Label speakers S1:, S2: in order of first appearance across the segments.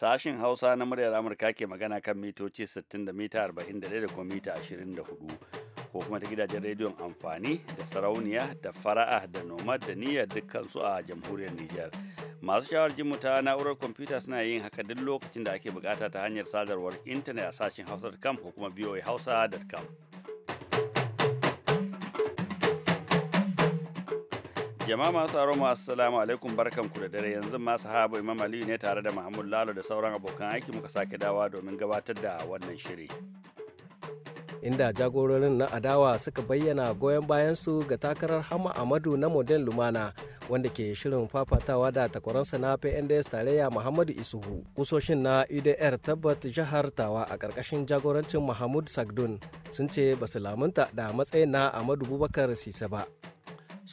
S1: Sashin Hausa na muryar Amurka ke magana kan mitoci 60 da mita 41 da kuma mita 24 ko kuma ta gidajen rediyon amfani da sarauniya da fara'a da nomad da niyyar dukkansu a jamhuriyar Nijar. Masu shawar jin ta na'urar kwamfuta suna yin haka duk lokacin da ake bukata ta hanyar sadarwar intanet a sashin hausa.com ko kuma voahausa.com. Jama'a masu tsaro masu salamu alaikum barkanku da dare yanzu ma sahabu Imam Aliyu ne tare da Muhammad Lalo da sauran abokan aiki muka sake dawa domin gabatar da wannan shiri.
S2: Inda jagororin na adawa suka bayyana goyon bayansu ga takarar Hama Amadu na modern Lumana wanda ke shirin fafatawa da takwaransa na PNDS tarayya Muhammadu Isuhu. Kusoshin na UDR tabbat jihar Tawa a karkashin jagorancin Mahmud Sagdun sun ce ba su lamunta da matsayin na Amadu Bubakar Sise ba.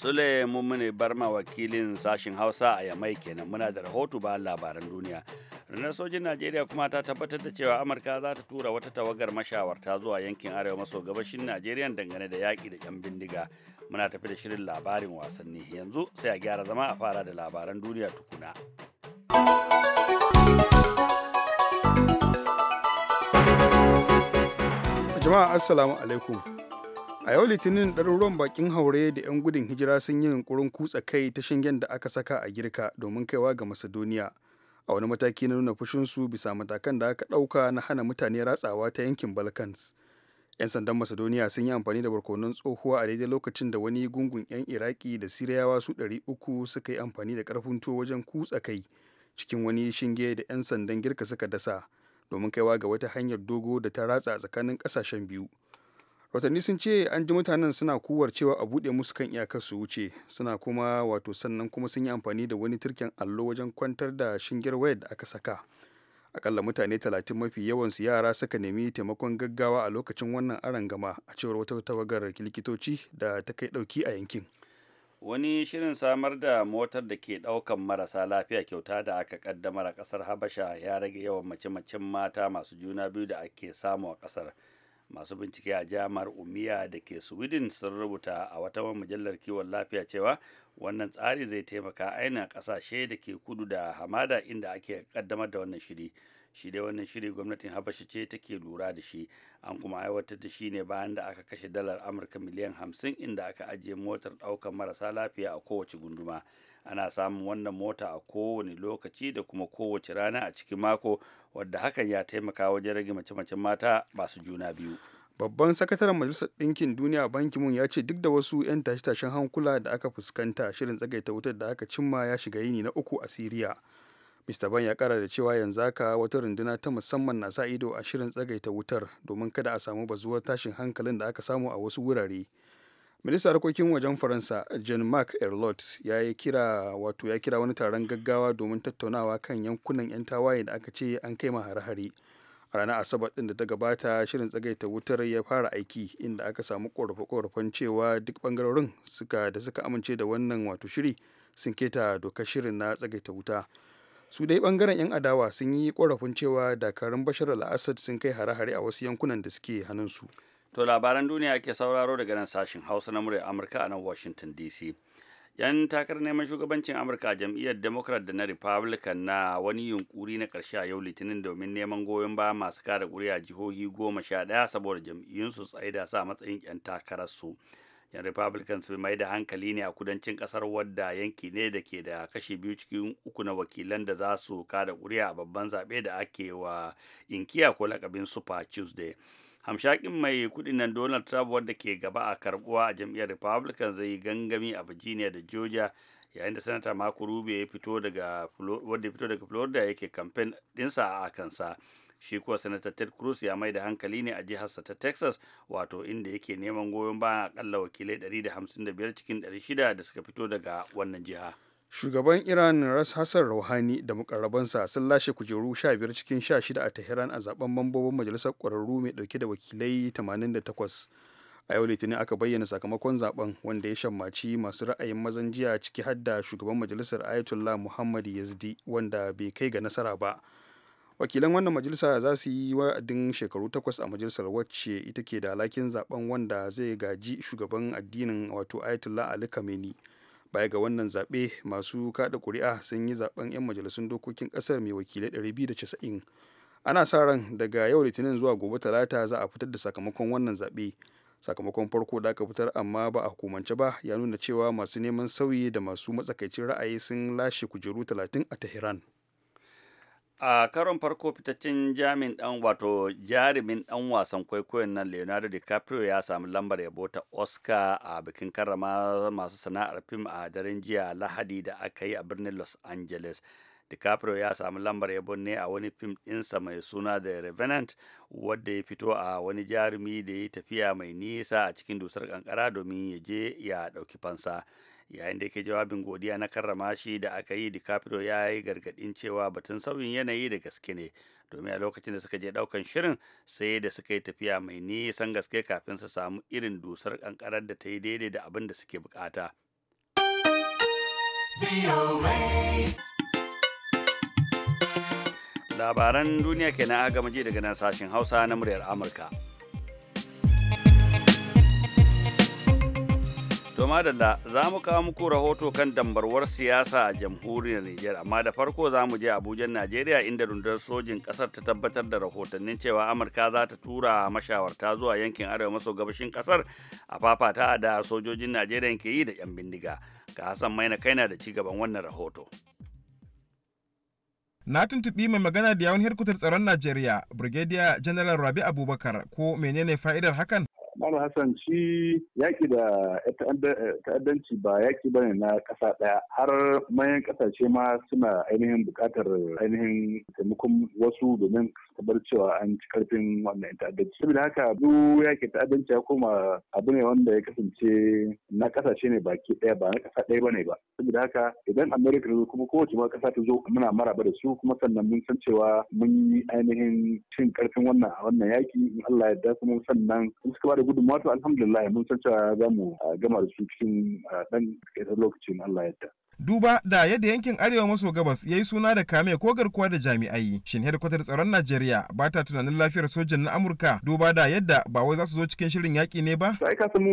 S1: Sule Mummune ma wakilin sashen Hausa a Yamai kenan muna da rahoto ba labaran duniya. Rundunar sojin Najeriya kuma ta tabbatar da cewa Amurka za ta tura wata tawagar mashawarta zuwa yankin arewa maso gabashin Najeriya dangane da yaƙi da 'yan bindiga. Muna tafi da shirin labarin wasanni yanzu sai a gyara zama a fara da labaran duniya
S3: tukuna. Jama'a Assalamu alaikum. a yau litinin ɗaruruwan bakin haure da 'yan gudun hijira sun yi yunkurin kutsa kai ta shingen da aka saka a girka domin kaiwa ga macedonia a wani mataki na nuna fushinsu bisa matakan da aka ɗauka na hana mutane ratsawa ta yankin balkans 'yan sandan macedonia sun yi amfani da barkonon tsohuwa a daidai lokacin da wani gungun 'yan iraki da siriyawa su ɗari uku suka yi amfani da karfin tuwo wajen kutsa kai cikin wani shinge da 'yan sandan girka suka dasa domin kaiwa ga wata hanyar dogo da ta ratsa tsakanin ƙasashen biyu watanni sun ce an ji mutanen suna kuwar cewa a buɗe musu kan iyakar su wuce suna kuma wato sannan kuma sun yi amfani da wani turken allo wajen kwantar da shingir wayar da aka saka akalla mutane talatin mafi yawan su yara suka nemi taimakon gaggawa a lokacin wannan aron gama a cewar wata tawagar likitoci da ta kai ɗauki a yankin
S1: wani shirin samar da motar da ke ɗaukan marasa lafiya kyauta da aka kaddamar a ƙasar habasha ya rage yawan mace-macen mata masu juna biyu da ake samu a ƙasar masu bincike a jami'ar umiya da ke sweden sun rubuta a wata mujallar kiwon lafiya cewa wannan tsari zai taimaka aina kasashe da ke kudu da hamada inda ake kaddamar da wannan shiri shi dai wannan shiri gwamnatin habasha ce take lura da shi an kuma aiwatar da shi ne bayan da aka kashe dalar amurka miliyan hamsin inda aka ajiye motar ɗaukar marasa lafiya a kowace gunduma ana samun wannan mota a kowane lokaci da kuma kowace rana a cikin mako wadda hakan ya taimaka wajen
S3: rage mace-macen mata
S1: masu juna biyu
S3: babban sakataren majalisar ɗinkin duniya banki mun ya ce duk da wasu 'yan tashe-tashen hankula da aka fuskanta shirin tsagaita wutar da aka cimma ya shiga yini na uku a siriya mista ban ya kara da cewa yanzu haka wata runduna ta musamman na sa ido a shirin tsagaita wutar domin kada a samu bazuwar tashin hankalin da aka samu a wasu wurare minista harkokin wajen faransa jean marc erlot ya yi kira wato ya kira wani taron gaggawa domin tattaunawa kan yankunan 'yan tawaye da aka ce an kai ma hare-hare a ranar asabar din da ta gabata shirin tsagaita wutar ya fara aiki inda aka samu korafe-korafen cewa duk bangarorin suka da suka amince da wannan wato shiri sun keta doka shirin na tsagaita wuta su dai bangaren 'yan adawa sun yi korafin cewa dakarun bashar al-assad sun kai hare-hare a wasu yankunan da suke hannunsu
S1: to labaran duniya ke sauraro daga nan sashen hausa na murya amurka a nan washington dc yan takarar neman shugabancin amurka jam'iyyar democrat da na republican na wani yunkuri na karshe a yau litinin domin neman goyon baya masu kada kuri'a jihohi goma sha ɗaya saboda jam'iyyunsu tsaida sa matsayin 'yan takararsu yan republicans bai mai da hankali ne a kudancin kasar wadda yanki ne da ke da kashi biyu cikin uku na wakilan da za su kada kuri'a a babban zaɓe da ake wa inkiya ko lakabin super tuesday hamshakin mai kudin nan donald trump wadda ke gaba a karbuwa a jam'iyyar republican zai gangami a virginia da georgia yayin da sanata marco rubio wadda ya fito daga florida yake kamfen dinsa a kansa shi kuwa sanata ted cruz ya mai da hankali ne a jiharsa ta texas wato inda yake neman goyon bayan akalla wakilai 155 cikin 600 da suka fito daga wannan jiha
S3: shugaban iran ras hassan rouhani da mukarrabansa sun lashe kujeru 15 cikin 16 a tehran a zaben mambobin majalisar kwararru mai dauke da wakilai 88 a yau litinin aka bayyana sakamakon zaben wanda ya shammaci masu ra'ayin mazan jiya ciki hadda shugaban majalisar ayatollah muhammad yazdi wanda bai kai ga nasara ba wakilan wannan majalisa za su yi wa'adin shekaru takwas a majalisar wacce ita ke da alakin zaben wanda zai gaji shugaban addinin wato ayatollah ali kameni baya ga wannan zaɓe masu kaɗa ƙuri'a sun yi zaben 'yan majalisun dokokin ƙasar mai wakilai biyu da casa'in ana sa ran daga yau litinin zuwa gobe talata za a fitar da sakamakon wannan zaɓe sakamakon farko da aka fitar amma ba a hukumance ba ya nuna cewa masu neman sauyi da masu matsakaicin ra'ayi sun lashe kujeru talatin a tehran
S1: a karon farko fitaccen jamin dan wato jarumin ɗan wasan kwaikwayon nan leonardo dicaprio ya samu lambar yabo ta oscar a bikin karrama masu sana'ar fim a daren jiya lahadi da aka yi a birnin los angeles DiCaprio ya samu lambar yabo ne a wani fim ɗinsa mai suna da Revenant wadda ya fito a wani jarumi da ya tafiya mai nisa a cikin dusar kankara domin ya je ya ɗauki fansa. yayin da yake jawabin godiya na karrama shi da aka yi DiCaprio ya yi gargadin cewa batun sauyin yanayi da gaske ne domin a lokacin da suka je daukan shirin sai da suka yi tafiya mai nisan gaske kafin su samu irin dusar kankarar da ta yi daidai da abin da suke bukata. Labaran duniya kenan a gama ji daga nan sashen Hausa na muryar Amurka. To madalla za mu kawo muku rahoto kan dambarwar siyasa a jamhuriyar Nijar amma da farko za mu je Abuja Najeriya inda rundunar sojin kasar ta tabbatar da rahotannin cewa Amurka za ta tura mashawarta zuwa yankin arewa maso gabashin kasar a fafata da sojojin Najeriya ke yi da 'yan bindiga. Ga Hassan Maina kaina da ci gaban wannan rahoto.
S4: na tuntuɓi mai magana da yawon herkutar tsaron Najeriya, Brigadier General Rabi Abubakar, ko menene fa'idar hakan?
S1: Malam Hassan shi yaƙi da ta'addanci ba yaƙi bane na ƙasa ɗaya har manyan ƙasashe ma suna ainihin buƙatar ainihin taimakon wasu domin tabbatar cewa an ci karfin wannan ta'addanci. Saboda haka duk yaƙi ta'addanci ya koma abu ne wanda ya kasance na ƙasashe ne baki ɗaya ba na ƙasa ɗaya bane ba. Saboda haka idan Amerika zo kuma kowace ma ƙasa ta zo muna maraba da su kuma sannan mun san cewa mun yi ainihin cin karfin wannan wannan yaƙi in Allah ya yarda kuma sannan suka ba da gudun to alhamdulillah mun san cewa za mu
S4: ah, gama da su cikin dan ah, lokaci Allah ya duba da yadda yankin arewa maso gabas ya yi suna da kame ko garkuwa da jami'ai shin hedkwatar tsaron najeriya ba ta tunanin lafiyar sojan na amurka duba da yadda ba wai za su zo cikin shirin yaƙi ne ba sai ka san mu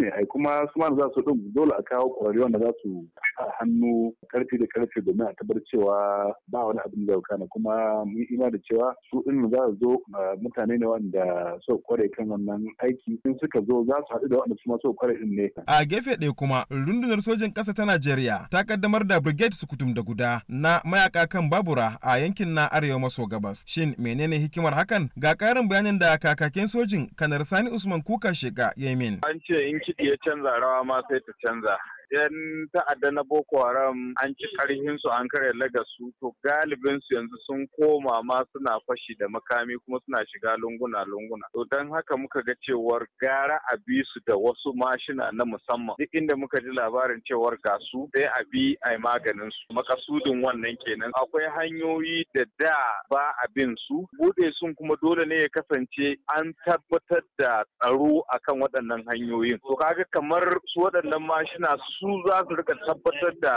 S4: ne ai kuma su ma za su ɗin dole a kawo kwararre wanda za su a hannu karfi da karfe
S1: domin a tabbatar cewa ba wani abin da na kuma mun ima da cewa su ɗin za su zo
S4: mutane ne wanda so kware kan wannan aiki in suka zo za su haɗu da wanda su ma so kware ɗin ne a gefe ɗaya kuma rundunar sojan ƙasa ta najeriya ta kaddamar da Brigade Sukutum da guda na mayaka kan babura a yankin na Arewa maso gabas. Shin menene hikimar hakan? Ga ƙarin bayanin da kakakin sojin kanar Sani Usman Kuka Sheka Yemen. An ce in kiɗi ya canza rawa ma sai ta canza. yan ta'adda na Boko Haram an ci karhin su an kare lagasu to galibin su yanzu sun koma ma suna fashi da makami kuma suna shiga lunguna lunguna to dan haka muka ga cewar gara a bi su da wasu mashina na musamman duk inda muka ji labarin cewar ga su sai a bi a maganin su makasudin wannan kenan akwai hanyoyi da da ba bin su bude sun kuma dole ne ya kasance an tabbatar da tsaro akan waɗannan hanyoyin to kaga kamar su waɗannan mashina su za su rika tabbatar da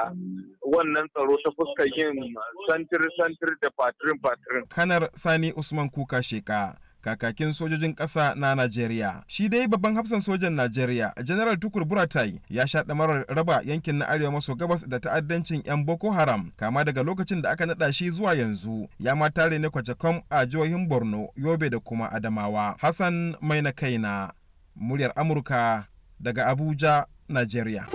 S4: wannan tsaro ta fuskar yin santir-santir da patirin-patirin. Kanar Sani Usman Kuka Sheka. kakakin sojojin ƙasa na Najeriya. Shi dai babban hafsan sojan Najeriya, General Tukur Buratai, ya sha ɗamarar raba yankin na Arewa maso gabas da ta'addancin 'yan Boko Haram, kama daga lokacin da aka naɗa shi zuwa yanzu, ya ma tare ne kwacakom a jihohin Borno, Yobe da kuma Adamawa. Hassan Mai na kaina, muryar Amurka daga Abuja, Najeriya.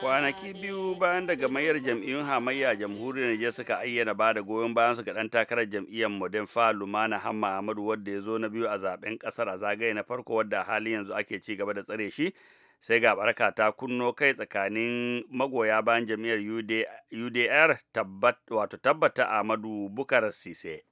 S4: kwanaki
S1: biyu bayan daga mayar jam'iyyun hamayya jamhuriyar Nijar suka ayyana ba da goyon bayan su ga dan takarar jam'iyyar Modern Fa Lumana Hamma Ahmadu wadda ya zo na biyu a zaben ƙasar a zagaye na farko wadda hali yanzu ake ci gaba da tsare shi sai ga barka ta kunno kai tsakanin magoya bayan jam'iyyar UDR tabbata Ahmadu Bukar
S2: Sise.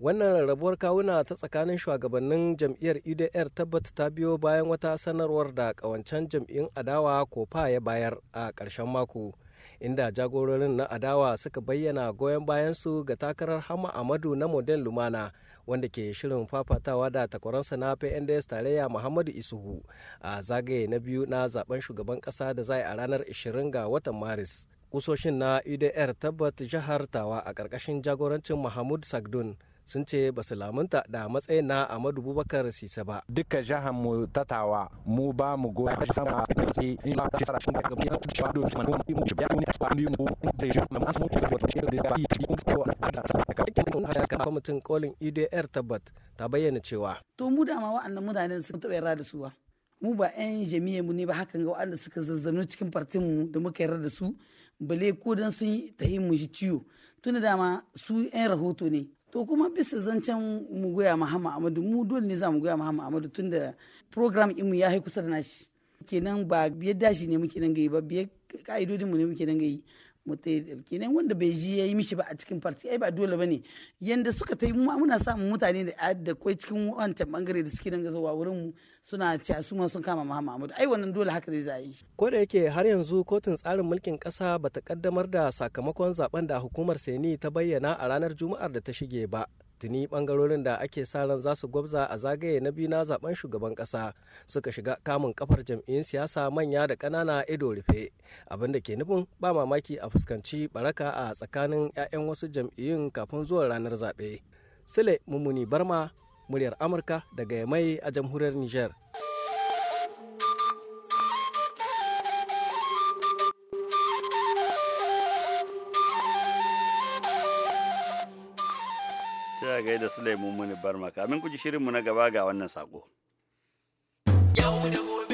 S2: wannan rarrabuwar kawuna ta tsakanin shugabannin jam'iyyar udr e tabbata ta biyo bayan wata sanarwar da kawancen jam'iyyun adawa ko fa ya bayar a ƙarshen mako inda jagororin na adawa suka bayyana goyon bayansu ga takarar hama amadu na model lumana wanda ke shirin fafatawa da takwaransa na pnds tarayya muhammadu isuhu a zagaye na biyu na zaben shugaban kasa da zai a ranar 20 ga watan maris kusoshin na udr e tabbat jihar tawa a ƙarƙashin jagorancin mahmud sagdun sun ce ba su lamunta da matsayin na Amadu Bubakar Sisa ba. Duka jihar mu tatawa mu ba mu goya sama da in ba ta da da mu ta mu da jihar mu da da da yi da ka kolin tabbat ta bayyana cewa
S1: to mu da wa'annan mutanen sun taɓa yarda da su ba mu ba 'yan jami'a mu ne ba hakan ga wanda suka zazzabni cikin fartin mu da muka yarda da su bale ko dan sun yi tahi mu shi ciwo tuna dama su 'yan rahoto ne to kuma bisa zancen mu goya mahama amadu mu dole ne za mu goya mahama amadu da program mu ya haiku da nashi kenan ba biyar dashi ne muke nan gayi ba biyar ka'idodin mu ne muke nan gayi mutai kenan wanda bai ji yayi mishi ba a cikin farti ai ba dole bane yanda suka ta yi muna samun mutane da da kai cikin wancan bangare da suke danga zuwa wurin mu
S5: suna ci su ma sun kama Muhammad ai wannan dole haka zai zai shi
S2: ko da yake har yanzu kotun tsarin mulkin kasa bata kaddamar da sakamakon zaben da hukumar Seni ta bayyana a ranar Juma'ar da ta shige ba tuni bangarorin da ake sa ran za su gwabza a zagaye na biyu na zaben shugaban kasa suka shiga kamun kafar jam'iyyun siyasa manya da ƙanana ido rufe abinda ke nufin ba mamaki a fuskanci baraka a tsakanin 'ya'yan wasu jam'iyyun kafin zuwan ranar zaɓe sule mummuni barma muryar amurka daga yamai a jamhuriyar niger
S1: gaida Sulaiman Muni Barma. Kamin ku ji shirinmu na gaba ga wannan saƙo.
S6: Yau da gobe.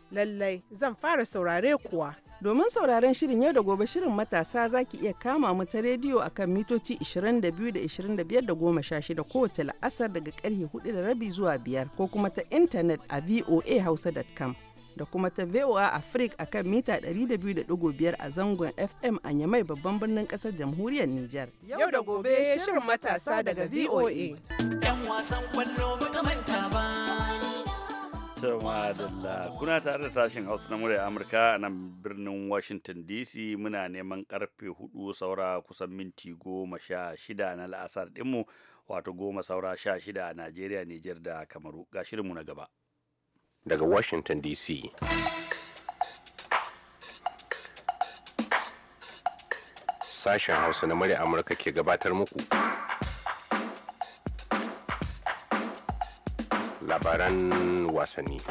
S7: lallai zan fara saurare kuwa. Domin sauraren shirin yau da gobe shirin matasa za ki iya kama mu ta rediyo a kan mitoci 22 da 25 da 16 kowace la'asar daga karfe 4 da rabi zuwa biyar ko kuma ta intanet a voahausa.com da kuma ta VOA Africa kan mita 200.5 a zangon FM a Yamai babban birnin kasar jamhuriyar Nijar. Yau da gobe shirin matasa daga VOA.
S1: Tawadalla kuna tare da sashen Hausa na murya Amurka a nan birnin Washington DC muna neman karfe hudu saura kusan minti goma sha shida na la'asar dinmu wato goma saura sha shida a Najeriya, Nijar da Kamaru ga shirinmu na gaba.
S2: Daga Washington DC. Sashen Hausa na murya Amurka ke gabatar muku. labaran wasanni.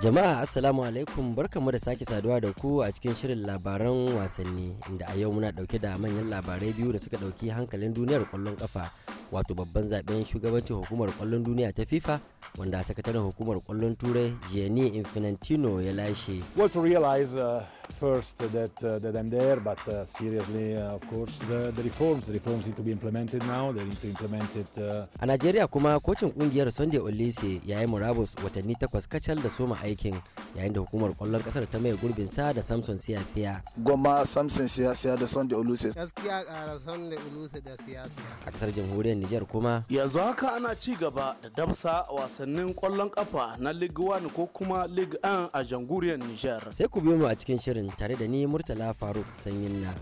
S8: Jama'a Assalamu alaikum barkamu da sake saduwa da ku a cikin shirin labaran wasanni inda a yau muna dauke da manyan labarai biyu da suka dauki hankalin duniyar kwallon kafa wato babban zaben shugabancin hukumar kwallon duniya ta FIFA wanda sakataren hukumar kwallon turai Gianni Infantino ya lashe.
S1: What uh, first that uh, that I'm there, but uh, seriously, uh, of course, the, the reforms, the reforms need to be implemented now. They need to implement it. Uh,
S8: a Najeriya kuma kocin kungiyar Sunday Olise ya yi murabus watanni takwas kacal da soma aikin yayin da hukumar kwallon kasar ta mai gurbin sa da Samson Siyasiya.
S5: Goma Samson Siyasiya da Sunday Olise.
S9: Gaskiya kara Sunday Olise da Siyasiya.
S8: A kasar jamhuriyar Nijar kuma. Yanzu haka ana
S9: ci gaba da damsa wasannin kwallon kafa na League One ko kuma League An a
S8: jamhuriyar Nijar. Sai ku biyo mu a cikin shirin shirin tare da ni Murtala Faruk Sanyin na.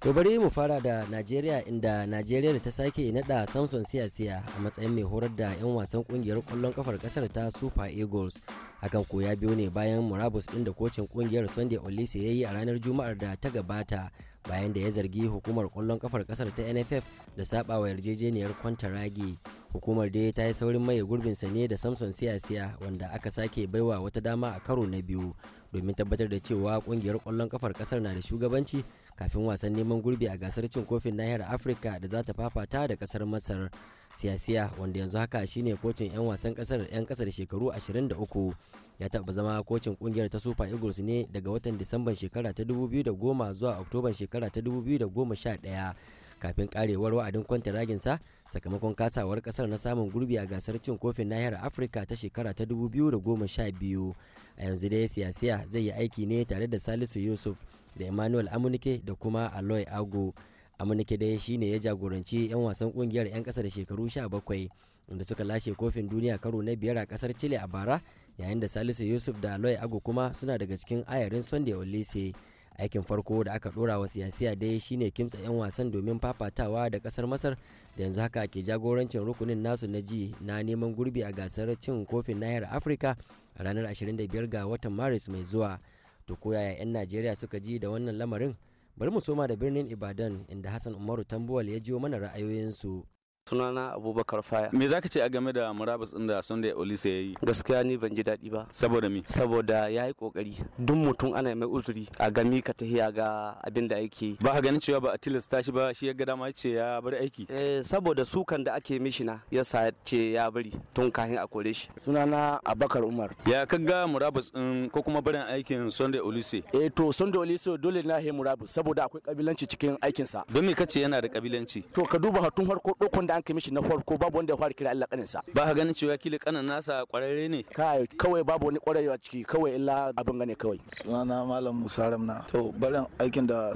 S8: To bari mu fara da Najeriya inda Najeriya da ta sake nada Samson Siya-Siya a matsayin mai horar da 'yan wasan kungiyar kwallon kafar kasar ta Super Eagles. Hakan ko ya biyo ne bayan murabus ɗin da kocin kungiyar Sunday Olise ya yi a ranar Juma'ar da ta gabata bayan da ya zargi hukumar kwallon kafar kasar ta nff da saba yarjejeniyar kwanta ragi hukumar da ta yi saurin maye gurbinsa ne da samson siyasiya wanda aka sake baiwa wata dama a karo na biyu domin tabbatar da cewa kungiyar kwallon kafar kasar na da shugabanci kafin wasan neman gurbi a gasar cin kofin nahiyar afirka da za ta fafata da kasar masar siyasiya wanda yanzu haka shine kocin 'yan wasan kasar 'yan kasar shekaru 23 ya taɓa zama kocin ƙungiyar ta super eagles ne daga watan disamban shekara ta 2010 zuwa oktoban shekara ta 2011 kafin karewar wa'adin kwanta raginsa sakamakon kasawar kasar na samun gurbi a gasar cin kofin nahiyar afirka ta shekara ta 2012 a yanzu dai siyasiya zai yi aiki ne tare da salisu yusuf da emmanuel amunike da kuma aloy ago amunike dai shine ya jagoranci 'yan wasan kungiyar 'yan kasa da shekaru 17 inda suka lashe kofin duniya karo na biyar a kasar chile a bara yayin da salisu yusuf da loy ago kuma suna daga cikin ayarin sunday olise aikin farko da aka dora wa siyasiya dai shine kimtsa 'yan wasan domin fafatawa da kasar masar da yanzu haka ke jagorancin rukunin nasu na ji na neman gurbi a gasar cin kofin nahiyar afirka a ranar 25 ga watan maris mai zuwa to koyaya 'yan najeriya suka ji da wannan lamarin bari mu soma da birnin ibadan inda hassan umaru tambuwal ya jiyo mana ra'ayoyinsu
S6: sunana abubakar faya me zaka ce a game da murabus din da sunday olise yi gaskiya ni ban ji daɗi ba saboda me saboda ya yi kokari duk mutum ana mai uzuri a gami ka tahiya ga abin da ake ba a ganin cewa ba a tilasta shi ba shi ya ga dama ce ya bar aiki eh saboda sukan da ake mishi na yasa ce ya bari tun kahin a kore shi sunana abakar umar ya kaga murabus din ko kuma barin aikin sunday olise eh to sunday olise dole na he murabus saboda akwai kabilanci cikin aikinsa don me kace yana da kabilanci to ka duba hatun harko dokon da an kai mishi na farko babu wanda ya fara kira Allah kaninsa ba ka ganin cewa kila kanin nasa kwararre ne kai kawai babu
S5: wani a ciki kawai illa abin gane kawai sunana malam Musa Ramna to barin aikin da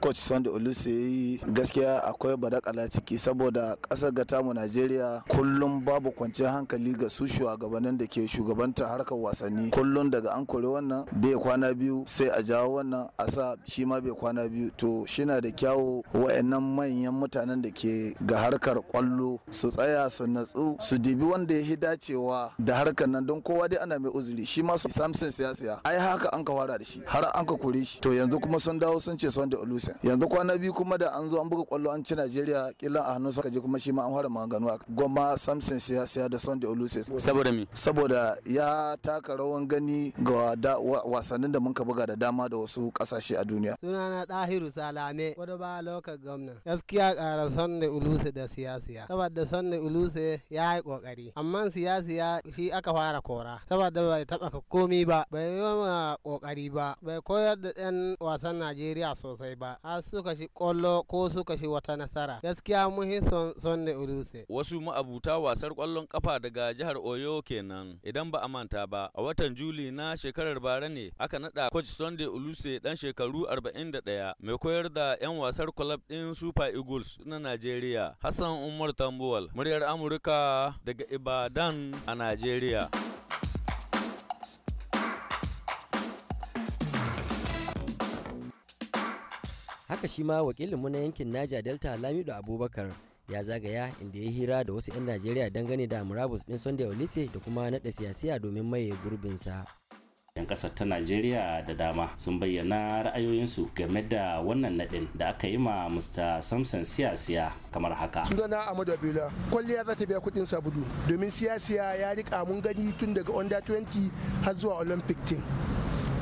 S5: coach Sunday Oluse yi gaskiya akwai badakala ciki saboda kasar ga tamu Najeriya kullum babu kwanciyar hankali ga su shugabannin da ke shugabanta harkar wasanni kullum daga an kore wannan bai kwana biyu sai a jawo wannan a sa shi ma bai kwana biyu to shi na da kyawu wa'annan manyan mutanen da ke ga harkar harkar kwallo su tsaya su natsu su dibi wanda ya dacewa da harkar nan don kowa dai ana mai uzuri shi ma samson siya siya ai haka an ka fara da shi har an ka kore shi to yanzu kuma sun dawo sun ce son da olusen yanzu kwana biyu kuma da an zo an buga kwallo an ci najeriya kila a hannun suka je kuma shi ma an fara maganganu a goma samson siya da son da olusen saboda me saboda ya taka rawan gani ga wasannin da mun ka buga da dama da wasu kasashe a duniya sunana dahiru salame wadda ba lokacin gwamna gaskiya karason da olusen da siyasiya saboda sanne uluse ya yi kokari amma siyasiya shi aka fara kora saboda bai taba komi ba bai yi kokari ba bai koyar da yan wasan najeriya sosai ba har suka shi kwallo ko suka shi wata nasara gaskiya muhi son sanne uluse
S6: wasu ma'abuta wasar kwallon kafa daga jihar oyo kenan idan ba a manta ba a watan juli na shekarar bara ne aka nada coach sunday uluse dan shekaru 41 mai koyar da yan wasar club din super eagles na najeriya hassan Hassan Umar Tambuwal, muryar Amurka daga Ibadan a Najeriya.
S8: Haka shi ma wakilinmu na yankin Naja Delta Lamido Abubakar ya zagaya inda ya hira da wasu 'yan Najeriya dangane da murabus ɗin Sunday Olise da kuma naɗa siyasiya domin maye gurbinsa.
S6: 'yan kasar ta najeriya da dama sun bayyana ra'ayoyinsu game da
S1: wannan nadin da aka yi ma mr samson siyasiya kamar haka
S5: sunana amadu abiola kwalliya za ta biya kudin sabulu domin siyasiya ya rika mun gani tun daga under 20 har zuwa olympic team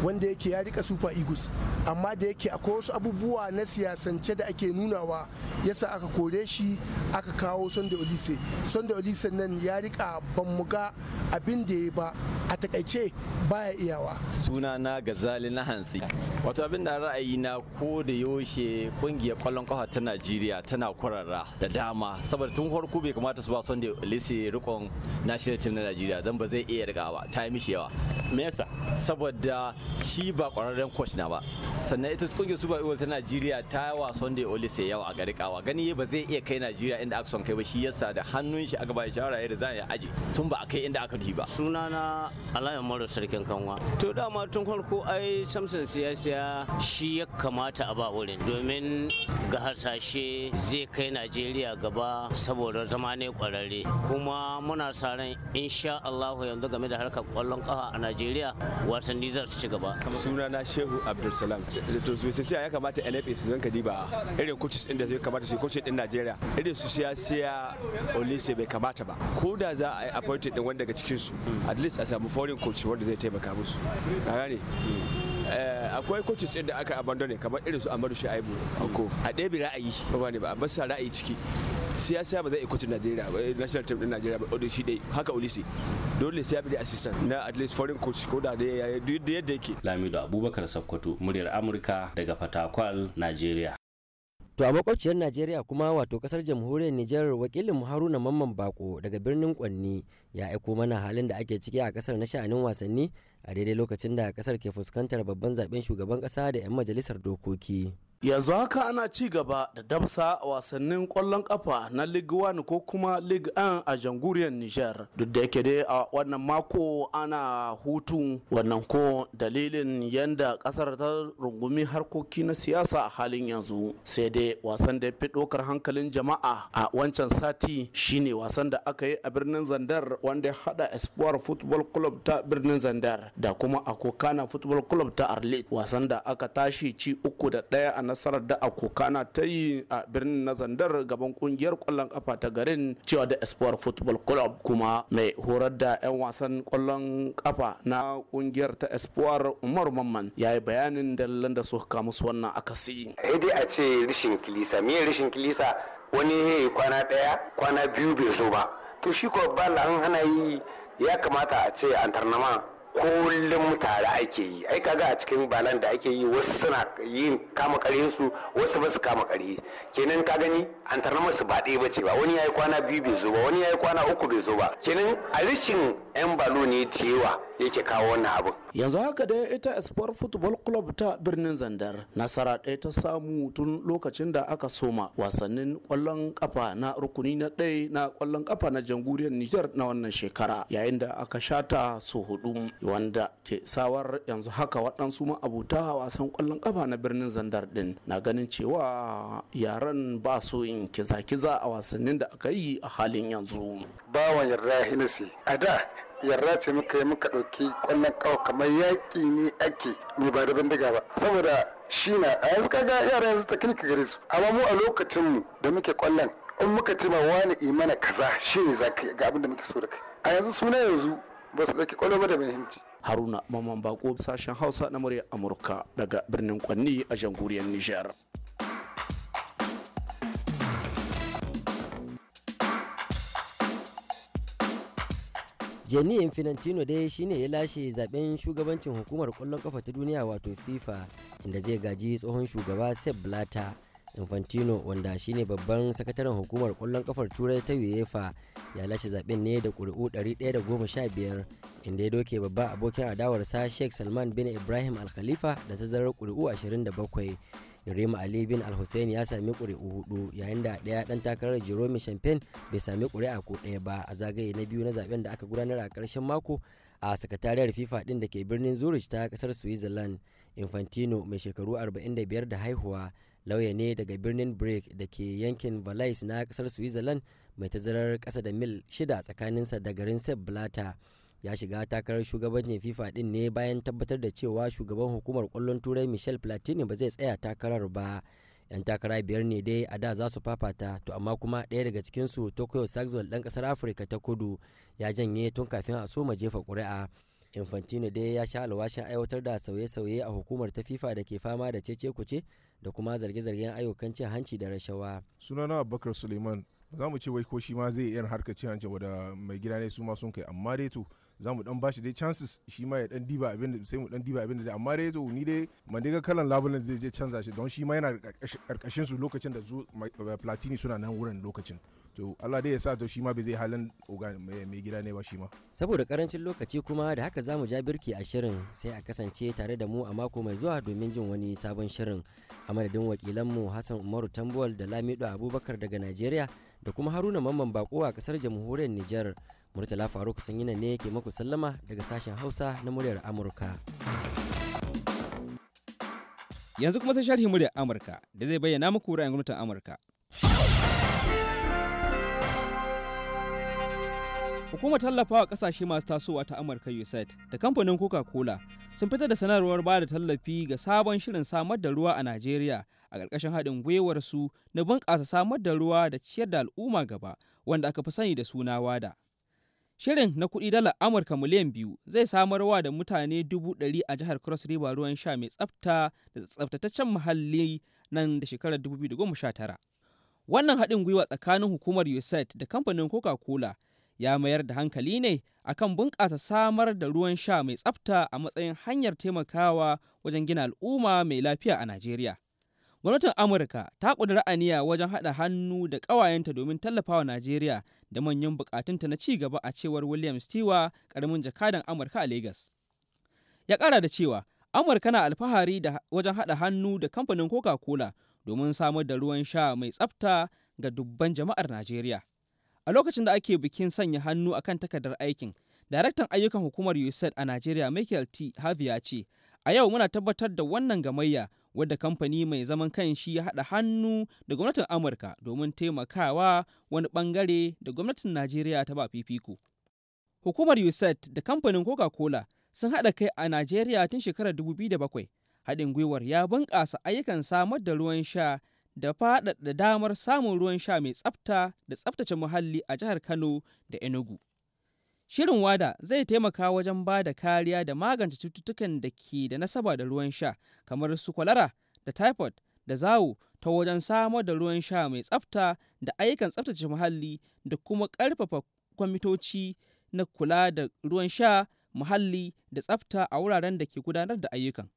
S5: wanda yake ya rika super eagles amma da yake akwai wasu abubuwa na siyasance da ake nunawa yasa aka kore shi aka kawo sunday olise sunday olise nan ya rika ban muga abin da ya ba a takaice
S6: baya iyawa suna na gazali na hantsi wato abin da ra'ayi na ko da yaushe kungiyar kwallon kafa ta najeriya tana kwararra da dama saboda tun farko bai kamata su ba sunday olise rikon national team na najeriya don ba zai iya ba ta yi mishi yawa me yasa saboda shi ba kwararren coach na ba sannan ita kungiyar super eagles ta najeriya ta wasan da sai yawa a garikawa gani ba zai iya kai najeriya inda aka son kai ba shi yasa da hannun shi aka bai shawara yadda za a aji tun ba a kai inda aka ba na alayyar mara sarkin kanwa to dama tun farko ai samson siyasa shi ya kamata a ba wurin domin ga harsashe zai kai najeriya gaba saboda zama ne kwararre kuma muna sa ran insha allahu yanzu game da harkar kwallon kafa a najeriya wasanni za su ci gaba suna na shehu abdulsalam to su sai ya kamata nfa su zanka diba irin coaches din da zai kamata su coaches din najeriya irin su siya siya olise bai kamata ba ko da za a yi appointed din wanda daga cikin su at least a samu foreign coach wanda zai taimaka musu ka gane Eh, akwai coaches ɗin da aka abandone kamar irin su Amadu Shaibu a ɗebe ra'ayi ba ne ba a basa ra'ayi ciki siyasa ba zai iya coach Najeriya ba eh, national team din Najeriya ba odin shi dai haka Ulisi dole sai bi da assistant na at least foreign coach ko da dai yadda yake Lamido Abubakar Sakkwato muryar Amurka daga Fatakwal Najeriya
S8: To a makwabciyar Najeriya kuma wato kasar jamhuriyar Nijar wakilin Haruna Mamman Bako daga birnin Kwanni ya aiko mana halin da ake ciki a kasar na sha'anin wasanni a daidai lokacin da kasar ke fuskantar babban zaben shugaban kasa da 'yan majalisar dokoki
S9: yanzu haka ana ci gaba da a wasannin kwallon kafa na league one ko kuma league an a janguriyar niger duk da yake dai a wannan mako ana hutu wannan ko dalilin yadda kasar ta rungumi harkoki na siyasa a halin yanzu sai dai wasan da ya fi ɗaukar hankalin jama'a a wancan sati shine wasan da aka yi a birnin zandar wanda ya haɗa espoir football club ta birnin zandar da kuma akokana football club ta arlit wasan da aka tashi ci uku da ɗaya nasarar da akoka na ta yi a birnin na zandar gaban kungiyar kwallon kafa ta garin cewa da espoir football club kuma mai horar da 'yan wasan kwallon kafa na kungiyar ta espoir umar mamman ya yi bayanin dalilan da su kama su wannan akasi.
S6: Eh dai a ce rishin kilisa me rishin kilisa wani yi kwana daya kwana biyu bai zo ba to shi ko an hana ya kamata a ce an tarnama kullum tare ake yi ai ga a cikin balan da ake yi wasu suna yin kama karin su wasu basu kama kare kenan ka gani an tarna masu ba ɗaya ba ce ba wani yayi kwana biyu bai zo ba wani yayi kwana uku bai zo ba kenan a rishin yan balo ne da yake kawo
S9: wannan abin yanzu haka dai ita espoir football club ta birnin zandar nasara ɗaya ta samu tun lokacin da aka soma wasannin ƙwallon kafa na rukuni na ɗaya na ƙwallon kafa na jamhuriyar Nijar na wannan shekara yayin da aka shata su hudu wanda ke sawar yanzu haka waɗansu abuta wasan ƙwallon ƙafa na birnin zandar ɗin na ganin cewa yaran ba so in kiza-kiza a wasannin da aka yi a halin yanzu
S5: bawan yarda hinasi a da yarda ce muka yi muka ɗauki ƙwallon ƙawa kamar yaƙi ne ake mai ba da bindiga ba saboda shi na a yanzu kaga yara yanzu ta kirka gare su amma mu a lokacin mu da muke ƙwallon in muka ce ma wani imana kaza shi ne za ka yi ga abin da muke so da kai a yanzu suna yanzu ba su ɗauki ƙwallon ba da muhimmanci.
S9: haruna maman bako sashen hausa na murya amurka daga birnin kwanni a jamhuriyar nijar.
S8: jenny infantino dai shine ya lashe zaben shugabancin hukumar kwallon kafa ta duniya wato fifa inda zai gaji tsohon shugaba sepp blatter infantino wanda shine babban sakataren hukumar kwallon kafar turai ta uefa ya lashe zaben ne da ƙuri'u 115 inda ya doke babban abokin adawarsa sheikh salman bin ibrahim al-khalifa da tazarar ƙuri'u 27 Yarima Ali bin Al-Hussein ya sami ƙuri'u hudu yayin da ɗaya ɗan takarar Jerome Champagne bai sami ƙuri'a ko ɗaya ba a zagaye na biyu na zaben da aka gudanar a ƙarshen mako a sakatariyar FIFA ɗin da ke birnin Zurich ta ƙasar Switzerland. Infantino mai shekaru 45 da haihuwa lauya ne daga birnin Break da ke yankin Valais na ƙasar Switzerland mai tazarar kasa da mil shida tsakaninsa da garin Sepp Blatter. ya shiga takarar shugabancin fifa din ne bayan tabbatar da cewa shugaban hukumar kwallon turai michel platini ba zai tsaya takarar ba yan takara biyar ne dai a da za su fafata to amma kuma ɗaya daga cikinsu tokyo saxwell ɗan ƙasar afirka ta kudu ya janye tun kafin a soma jefa ƙuri'a infantino dai ya sha alwashin aiwatar da sauye-sauye a hukumar ta fifa da ke fama da cece kuce da kuma
S4: zarge-zargen ayyukan cin hanci da rashawa sunana abubakar suleiman ba za mu ce wai ko shi ma zai iya harkar cin hanci wadda mai gida ne su ma sun kai amma dai to za mu dan bashi dai chances shi ma ya dan diba abin da sai mu dan diba abin da amma dai to ni dai Mandega kalan labulan zai je canza shi don shi ma yana karkashin su lokacin da zu Platini suna nan wurin lokacin to Allah dai ya sa to shi ma bai zai halin mai gida ne ba shi ma saboda karancin lokaci kuma da haka zamu ja birki
S8: a shirin sai a kasance tare da mu a mako mai zuwa domin jin wani sabon shirin a madadin wakilan mu Hassan Umaru Tambuwal da Lamido Abubakar daga Najeriya da kuma Haruna Mamman Bako a kasar jamhuriyar Nijar Murtala Faruk Sanyina ne ke muku sallama daga sashen Hausa na muryar
S7: Amurka. Yanzu kuma sai sharhi muryar Amurka da zai bayyana muku ra'ayin gwamnatin Amurka. Hukumar tallafawa kasashe masu tasowa ta Amurka USAID da kamfanin Coca-Cola sun fitar da sanarwar ba da tallafi ga sabon shirin samar da ruwa a Najeriya a ƙarƙashin haɗin gwiwar su na bunƙasa samar da ruwa da ciyar da al'umma gaba wanda aka fi sani da suna WADA. Shirin na kuɗi dala Amurka miliyan biyu zai samarwa da mutane dubu ɗari a jihar Cross River ruwan sha mai tsafta da tsaftataccen muhalli nan da shekarar 2019. Wannan haɗin gwiwa tsakanin hukumar USAID da kamfanin Coca-Cola ya mayar da hankali ne akan bunƙasa samar da ruwan sha mai tsafta a matsayin hanyar taimakawa wajen gina al'umma mai lafiya a Najeriya. Gwamnatin Amurka ta ƙudiri aniya wajen haɗa hannu da ƙawayenta domin tallafawa Najeriya da manyan buƙatunta na cigaba a cewar William Stewa, ƙaramin jakadan Amurka a Legas. Ya ƙara da cewa, Amurka na alfahari da wajen haɗa hannu da kamfanin Coca-Cola domin samar da ruwan sha mai tsafta ga dubban jama'ar Najeriya. A lokacin da ake bikin sanya hannu akan takardar aikin, daraktan ayyukan hukumar USAID a Najeriya Michael T. Harvey ya ce, a yau muna tabbatar da wannan gamayya wadda kamfani mai zaman kanshi ya haɗa hannu da gwamnatin amurka domin taimakawa wani ɓangare da gwamnatin najeriya ta ba fifiko hukumar USET da kamfanin coca-cola sun haɗa kai a najeriya tun shekarar 2007 haɗin gwiwar ya bunƙasa ayyukan samar da ruwan sha da faɗaɗa damar samun ruwan sha mai tsafta da tsaftace muhalli a jihar kano da enugu Shirin WADA zai taimaka wajen ba da kariya da magance cututtukan da ke da nasaba da ruwan sha, kamar su kwalara da typhoid da zawo, ta wajen samar da ruwan sha mai tsafta da ayyukan tsaftace muhalli da kuma ƙarfafa kwamitoci na kula da ruwan sha, muhalli da tsafta a wuraren da ke gudanar da ayyukan.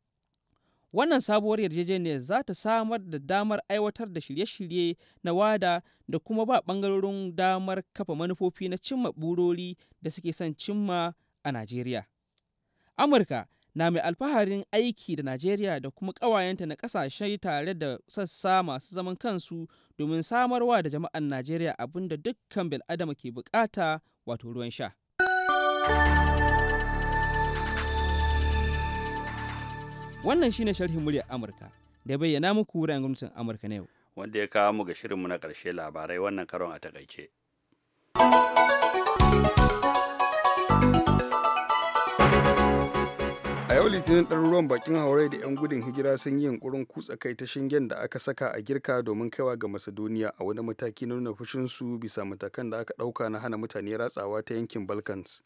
S7: Wannan sabuwar yarjejeniyar za ta samar da damar aiwatar da shirye-shirye na WADA da kuma ba ɓangarorin damar kafa manufofi na cimma burori da suke son cimma a Najeriya. Amurka na mai alfaharin aiki da Najeriya da kuma ƙawayenta na ƙasashe tare da sassa masu zaman kansu domin samarwa da jama'an Najeriya abinda dukkan bil'adama ke bukata wato ruwan sha. Wannan shine sharhin muryar Amurka da bayyana muku wuraren gwamnatin Amurka na yau.
S1: Wanda ya kawo mu ga shirinmu na ƙarshe labarai wannan karon a takaice.
S9: a yau
S3: litinin ɗaruruwan bakin haurai da 'yan gudun hijira sun yi yunkurin kutsa kai ta shingen da aka saka a girka domin kaiwa ga macedonia a wani mataki na nuna fushinsu bisa matakan da aka ɗauka na hana mutane ratsawa ta yankin balkans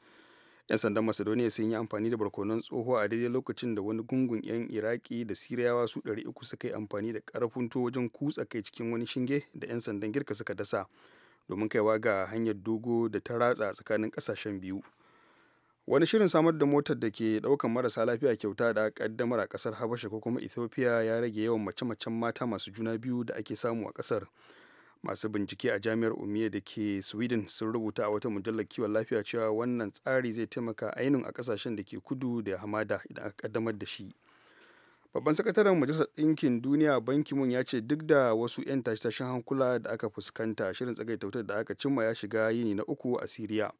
S3: 'yan sandan macedonia sun yi amfani da barkonon tsoho a daidai lokacin da wani gungun 'yan iraki da siriyawa su uku suka yi amfani da karfin to wajen kutsa kai cikin wani shinge da 'yan sandan girka suka dasa domin kaiwa ga hanyar dogo da ta ratsa tsakanin kasashen biyu wani shirin samar da motar da ke daukan marasa lafiya kyauta da kaddamar a kasar habasha ko kuma ethiopia ya rage yawan mace-macen mata masu juna biyu da ake samu a kasar masu bincike a jami'ar umiya da ke sweden sun rubuta a wata mujallar kiwon lafiya cewa wannan tsari zai taimaka ainihin a kasashen da ke kudu da hamada idan aka kaddamar da shi babban sakataren majalisar ɗinkin duniya banki mun ya ce duk da wasu 'yan tashe-tashen hankula da aka fuskanta shirin tsagaita wutar da aka cimma ya shiga yini na uku a siriya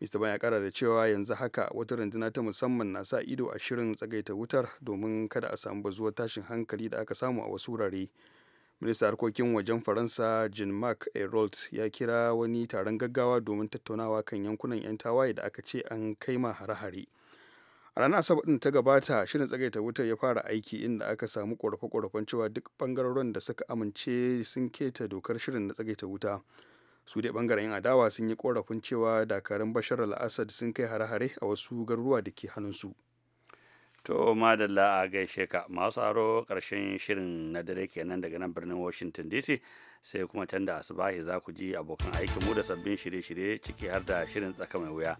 S3: mr ban ya kara da cewa yanzu haka wata runduna ta musamman na sa ido a shirin tsagaita wutar domin kada a samu bazuwar tashin hankali da aka samu a wasu wurare minista harkokin wajen faransa jean marc erault ya kira wani taron gaggawa domin tattaunawa kan yankunan 'yan tawaye da aka ce an kai ma hare-hare a ranar asabar din ta gabata shirin tsagaita wutar ya fara aiki inda aka samu korafe-korafen cewa duk bangarorin da suka amince sun keta dokar shirin na tsagaita wuta su dai bangaren yan adawa sun yi korafin cewa dakarun bashar al sun kai hare-hare a wasu garuruwa da ke hannunsu. su
S1: To madalla a gaishe ka masu aro karshen shirin na dare kenan daga nan birnin Washington DC sai kuma can da asubahi za ku ji abokan aikin mu da sabbin shirye-shirye ciki har da shirin tsaka mai wuya.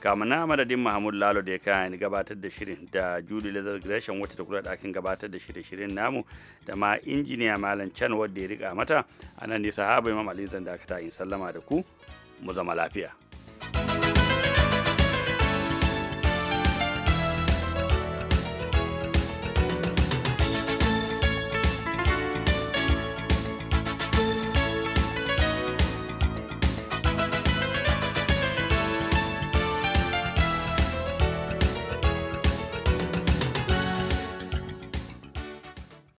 S1: Kamun na madadin Mahmud Lalo da ya kayan gabatar da shirin da Julie Leather Gresham wata ta kula da akin gabatar da shirye-shiryen namu da ma injiniya Malam Chan wadda ya rika mata a nan nisa habu Imam Ali zan dakata in sallama da ku mu zama lafiya.